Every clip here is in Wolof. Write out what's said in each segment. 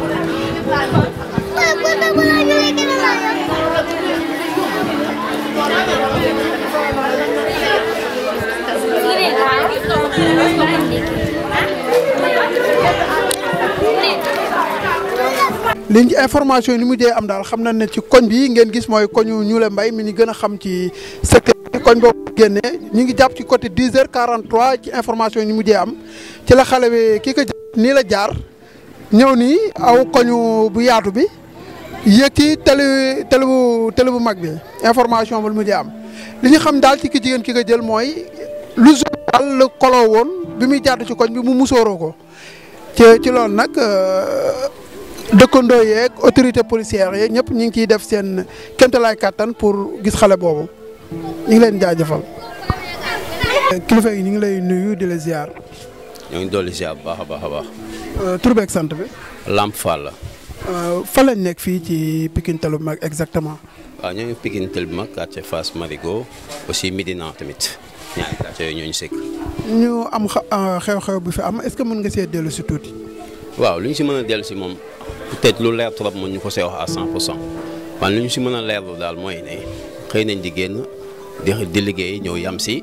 li liñ information ni mu dee am daal xam na ne ci koñ bi ngeen gis mooy koñu Ñuule Mbay mi ñu gën a xam ci secteur bi koñ boobu génnee ñu ngi jàpp ci côté 10 heures 43 ci information ni mu dee am ci la xale bi kii ko nii la jaar ñëw nii aw koñu bu yaatu bi yéeg ci télé télé bu télé bu mag bi information bu mu di am li ñu xam daal ci ki jigéen ki nga jël mooy lu daal la koloo woon bi muy jàdd ci koñ bi mu musooroo ko ci ci loolu nag euh, dëkkandoo yeeg autorité policière yeeg ñëpp ñu ngi ciy def seen kéemtalaay kàttan pour gis xale boobu ñu ngi leen jaajëfal. kilifa yi ñu ngi lay nuyu di la ziar. ñoo ngi dolli ziar bu baax a baax a baax. Euh, tur beeg sant bi. Lamp Fall la. Euh, fa nekk fii ci Pikine bu mag exactement. waaw ñoo ngi Pikine bu mag quartier Fass Marigot aussi Médina tamit ñaari quartier yooyu ñoo ñu ñu am euh, xew-xew bu fi am est-ce que mën nga see dellu si tuuti. waaw lu ñu si mën a dellu si moom peut-être lu leer trop mën ñu ko see wax à 100 pour cent waaye lu ñu si mën a leerlu daal mooy ne xëy nañ di génn di di liggéey ñëw yam si.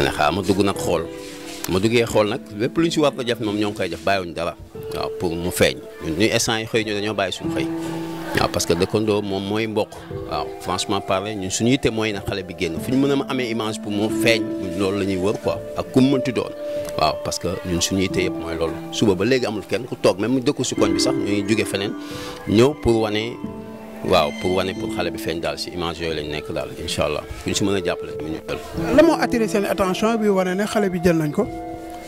ma ne xaa ma dugg nag xool ma duggee xol nak lepp luñ ci si war a def mom ñong koy def bayuñ dara waaw pour mu feñ ñu instant yi xey ñu dañu bàyyi suñu xey waaw parce que de condo mom moy mbokk waaw franchement parler ñun suñu yitte moy na xalé bi génn fuñ mëna mën a image pour mu feñ lool lañuy wër quoi ak kum mu mënti doon waaw parce que ñun suñu yitte yëpp mooy loolu suba ba légui amul kenn ku tok même deku si koñ bi sax ñuy juggé fenen ñew pour wané waaw pour wane pour xale bi feeñ daal si image yooyu lañ nekk daal incha allah buñ si mën a jàppale tamit ñu jël. la moo attiré seen attention bi wane ne xale bi jël nañ ko.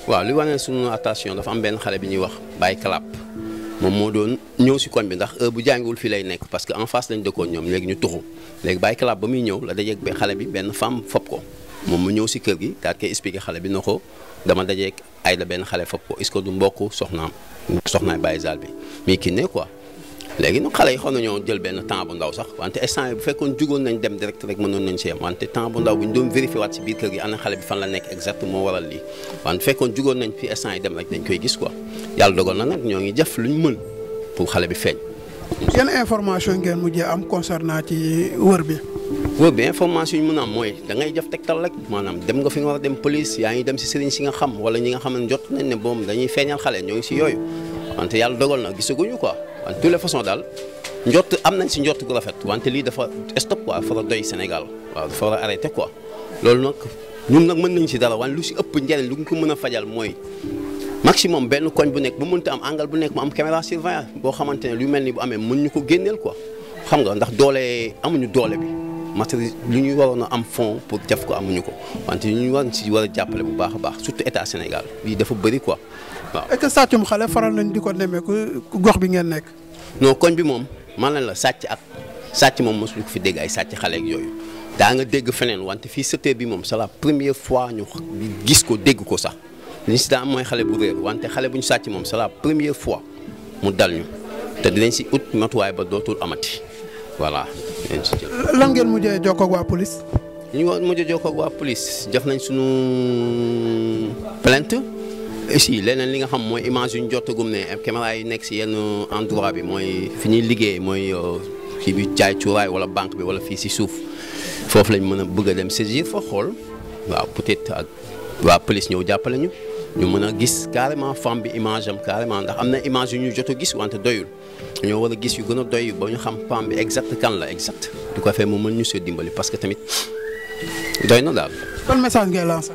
waaw li wane suñu attention dafa am benn xale bi ñuy wax Baye Clap moom moo doon ñëw si koñ bi ndax heure bu jàngiwul fii lay nekk parce que en face lañ dëkkoon ñoom léegi ñu tuxu léegi Baye Clap ba muy ñëw la dajeeg ba xale bi benn femme fob ko moom mu ñëw si kër gi daal koy expliqué xale bi na ko dama dajeeg ay la benn xale fob ko est-ce que du mbokk soxnaam soxnaay Baye Zal bi mais ki ne quoi léegi nag xale yi xaw nañoo jël benn temps bu ndaw sax wante instant yi bu fekkoon jugoon nañ dem direct rek mënoon nañ si yem wante temps bu ndaw bi ñu doon vérifié waat si biir kër gi ana xale bi fan la nekk exactement moo waral lii wante fekkoon jugoon nañ fi instant yi dem rek dañ koy gis quoi yàlla dogal na nag ñoo ngi jëf luñ mën pour xale bi feeñ. yan information ngeen mujjee am concernant ci wër bi. wër bi information yi mën a am mooy da ngay def tegtal rek maanaam dem nga fi nga war a dem police yaa ngi dem si sëriñ si nga xam wala ñi nga xam ne jot nañ ne boom dañuy feeñal xale ñoo ngi si yooyu wante yàlla dogal na gisaguñu quoi wante toutes les façons daal njort am nañ si njort gu rafet wante lii dafa stop quoi dafa war a doy Sénégal waaw dafa war a arrêté quoi loolu nag ñun nag mën nañ si dara wante lu si ëpp njëriñ lu ko mën a fajal mooy maximum benn koñ bu nekk bu ti am angle bu nekk mu am caméra surveillance boo xamante ne lu mel ni bu amee mën ñu ko génneel ko xam nga ndax doole amuñu doole bi matériel lu ñuy waroon am fond pour def ko amuñu ko wante ñu war si war a jàppale bu baax a baax surtout état Sénégal lii dafa bëri quoi waaw est-ce que sàccum xale faral nañ di ko nemmeeku gox bi ngeen nekk. non koñ bi moom man nañ la sàcc ak sàcc moom mosuñu ko fi dégg ay sàcc xale ak yooyu daa nga dégg feneen wante fii secteur bi moom c'est la première fois ñu gis ko dégg ko sax li si daa am mooy xale bu réer wante xale bu ñu sàcc moom c'est la première fois mu dal ñu te dinañ si ut matuwaay ba dootul amati voilà. lan ngeen mujjee jokkoo ak waa police. li ñu mujjee jokkoo ak waa police jox nañ sunu plainte. si lenen li nga xam moy image yu ñu jotagum ne caméra yi nekk si yenn endroit bi moy fini ñuy liggéey mooy ci euh, bi jaay cuuraay wala banque bi wala fi ci souf fofu lañ mëna bëgg dem saisir fa xol waaw peut-être ak wa police ñëw jappalé ñu ñu mëna gis carrément femme bi image am carrément ndax amna image ñu jot gis wante doyul ñoo war gis yu gëna a doy ba ñu xam femme bi exact kan la exact du ko fee mu mën ñu see dimbali parce que tamit doy na daal. Quel message ngay lancer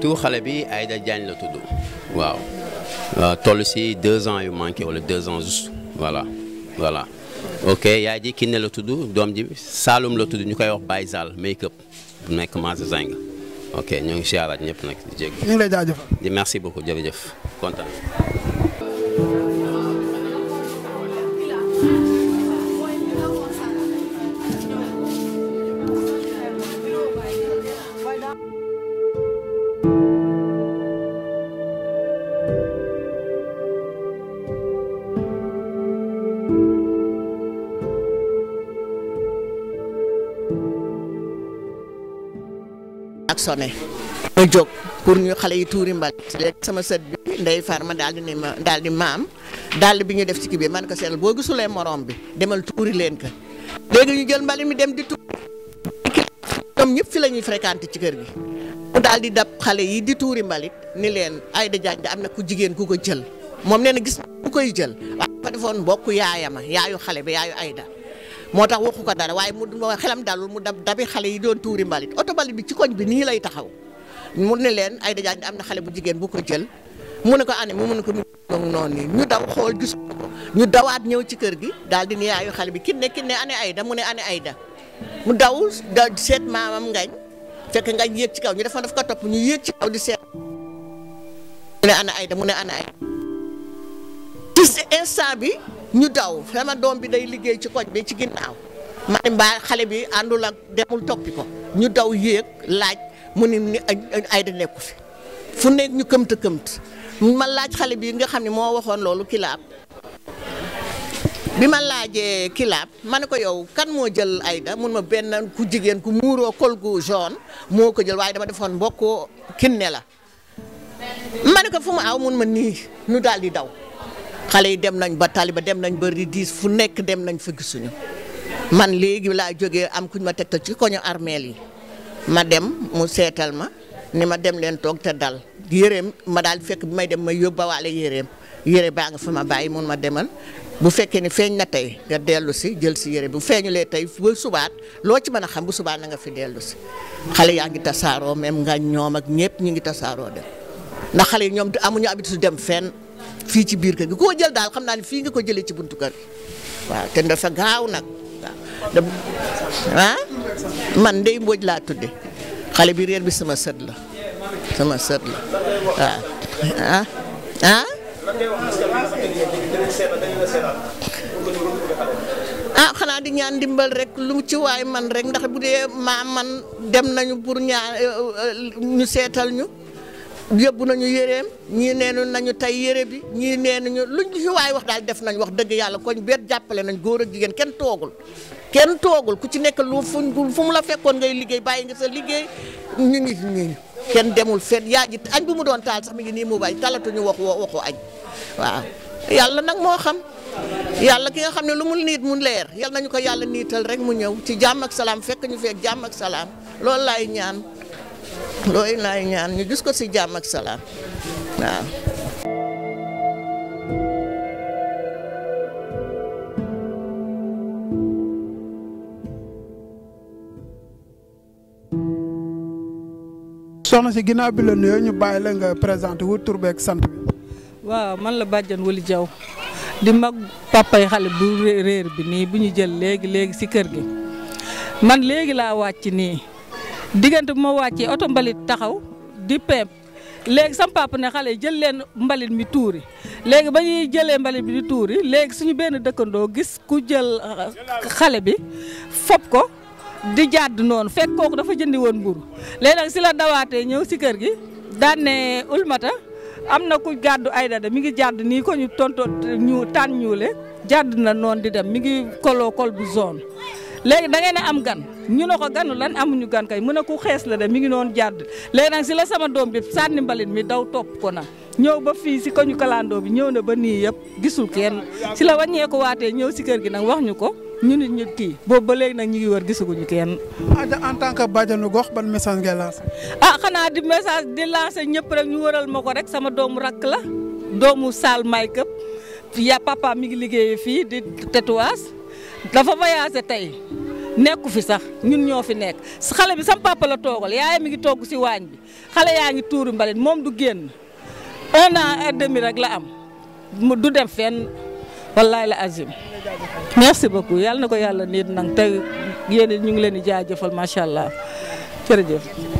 tout xalé bi Aïda Diagne la wow waaw deux ans yu manque, wala deux ans juste voilà voilà ok yaay ji Kiné la tudd dom ji Saalum la tudd make-up ok ngi di jégg merci beaucoup jërëjëf content. klaxonné ma jóg pour ñu xale yi tuuri mbalit sama sët bi ndey far ma di ne ma daal di maam daal bi ñu def ci kii man ko seetal boo gisulee morom bi demal tuuri leen ko léegi ñu jël mbalit mi dem di tuuri ñoom ñëpp fi lañuy ñuy ci kër gi mu daal di dab xale yi di tuuri mbalit ni leen Aïda Diagne am na ku jigéen ku ko jël moom nee gis ku koy jël waaye dafa defoon mbokku yaayama yaayu xale bi yaayu ayda moo tax waxu ko dara waaye mu xelam dalul mu dab dabi xale yi doon tuuri mbalit oto mbalit bi ci koñ bi nii lay taxaw mu ne leen ay dajaañ am na xale bu jigéen bu ko jël mu ne ko ane mu ne ko noonu noonu ñu daw xool gis ñu dawaat ñëw ci kër gi daal di nuyaayu xale bi kin ne kin ne ane ayda mu ne ane ayda mu daw di seet maamam ngañ fekk ngañ yéeg ci kaw ñu defoon def ko topp ñu yéeg ci kaw di seet mu ne ana ayda mu ayda instant bi ñu daw sama doom bi day liggéey ci koñ bi ci ginnaaw ma ne mbaa xale bi àndul ak demul toppi ko ñu daw yéeg laaj mu ne ni ay da nekku fi fu nekk ñu këmt këmt ma laaj xale bi nga xam ne moo waxoon loolu kilaab bi ma laajee kilaab ma ne ko yow kan moo jël ayda mun ma benn ku jigéen ku muuroo kol gu jaune moo ko jël waaye dama defoon mbokku ne la ma ne ko fu mu aw mun ma nii nu daal di daw xale yi dem nañ ba taliba dem nañ ba ridis fu nekk dem nañ fa gisuñu man léegi laa jógee am kuñ ma tegtal ci koñu armeel yi ma dem mu seetal ma ni ma dem leen toog te dal yéreem ma daal fekk bi may dem may ma yóbbawaale yéreem yére baa ngi fa ma bàyyi mun ma demal bu fekkee ni feeñ na tey nga dellu si jël si yére bu feeñulee tey ba subaat loo ci mën a xam bu subaat na nga fi dellu si xale yaa ngi tasaaroo même nga ñoom ak ñëpp ñu ngi tasaaroo dem Fiji ci biir kër gi ko jël dal xam naa ne fii nga ko jëlee ci buntu kër gi waaw te sa gaaw nag ah man ndey mbooj laa tudde xale bi reer bi sama sët la sama sët la ah ah ah xanaa di ñaan dimbal rek lu ci waay man rek ndax bu dee maa man dem nañu pour ñaan euh, euh, ñu seetal ñu yóbbu nañu yéreem ñii neenu nañu tey yére bi ñii neenuñu luñ fi waay wax daal def nañu wax dëgg yàlla koñ beet jàppale nañ góor ak jigéen kenn toogul kenn toogul ku ci nekk lu fu mu la fekkoon ngay liggéey bàyyi nga sa liggéey ñu ngi kenn demul fet yaa ji añ bu mu doon taal sax mi ngi nii mu bàyyi talatuñu wax waxu añ waaw yàlla nag moo xam yàlla ki nga xam ne lu mu niit mu leer yàlla nañu ko yàlla niital rek mu ñëw ci jàmm ak salaam fekk ñu fekk jàmm ak salaam loolu laay ñaan looy laay gis ko ci jàmm ak salaam soxna si ginnaaw bi la nuyoo nga présenté wu tur sant bi. waaw man la bàjjan Wali Jaw di mag papay xale bu réer bi nii bu ñu jël léegi léegi ci kër gi man léegi laa wàcc nii. diggante bu ma wàccee oto mbalit taxaw di peep léegi sam ne xale jël leen mbalit mi tuuri léegi ba ñuy jëlee mbalit bi di tuuri léegi suñu benn dëkkandoo gis ku jël uh, xale bi fob ko di jàdd noonu fekk kooku dafa jëndi woon mburu léegi si la dawaatee ñëw si kër gi daan ulmata am na ku gàddu ay dada mi ngi jàdd nii ko ñu tonto ñu tànn ñuule jàdd na noonu di dem mi ngi koloo kol bu zone léegi da ngeen a am gan ñu ne ko ganu lan amuñu gan kay mu ne ku xees la de mi ngi noonu jàdd léegi nag si la sama doom bi sànni mbalit mi daw topp ko na ñëw ba fii si ñu kalandoo bi ñëw na ba nii yëpp gisul kenn si la wàññeeku waatee ñëw si kër gi nag wax ñu ko ñu nit ñu kii boobu ba léegi nag ñu ngi wër gisaguñu kenn. Adja en tant que bàjjenu gox ban message ngay lancé. Ah xanaa di message di lancé ñëpp rek ñu waral ma ko rek sama doomu rakk la doomu Sall Maykëp ya papa mi ngi liggéeyee fii di tatouage. dafa voyagé tey nekku fi sax ñun ñoo fi nekk xale bi sam papa la toogal yaay mi ngi togg si waañ bi xale yaa ngi tuuru mbalit moom du génn un an et demi rek la am mu du dem fenn wallaay la azim merci beaucoup yàlla na ko yàlla nit nag te yéen ñu ngi leen di jaajëfal macha allah jërëjëf.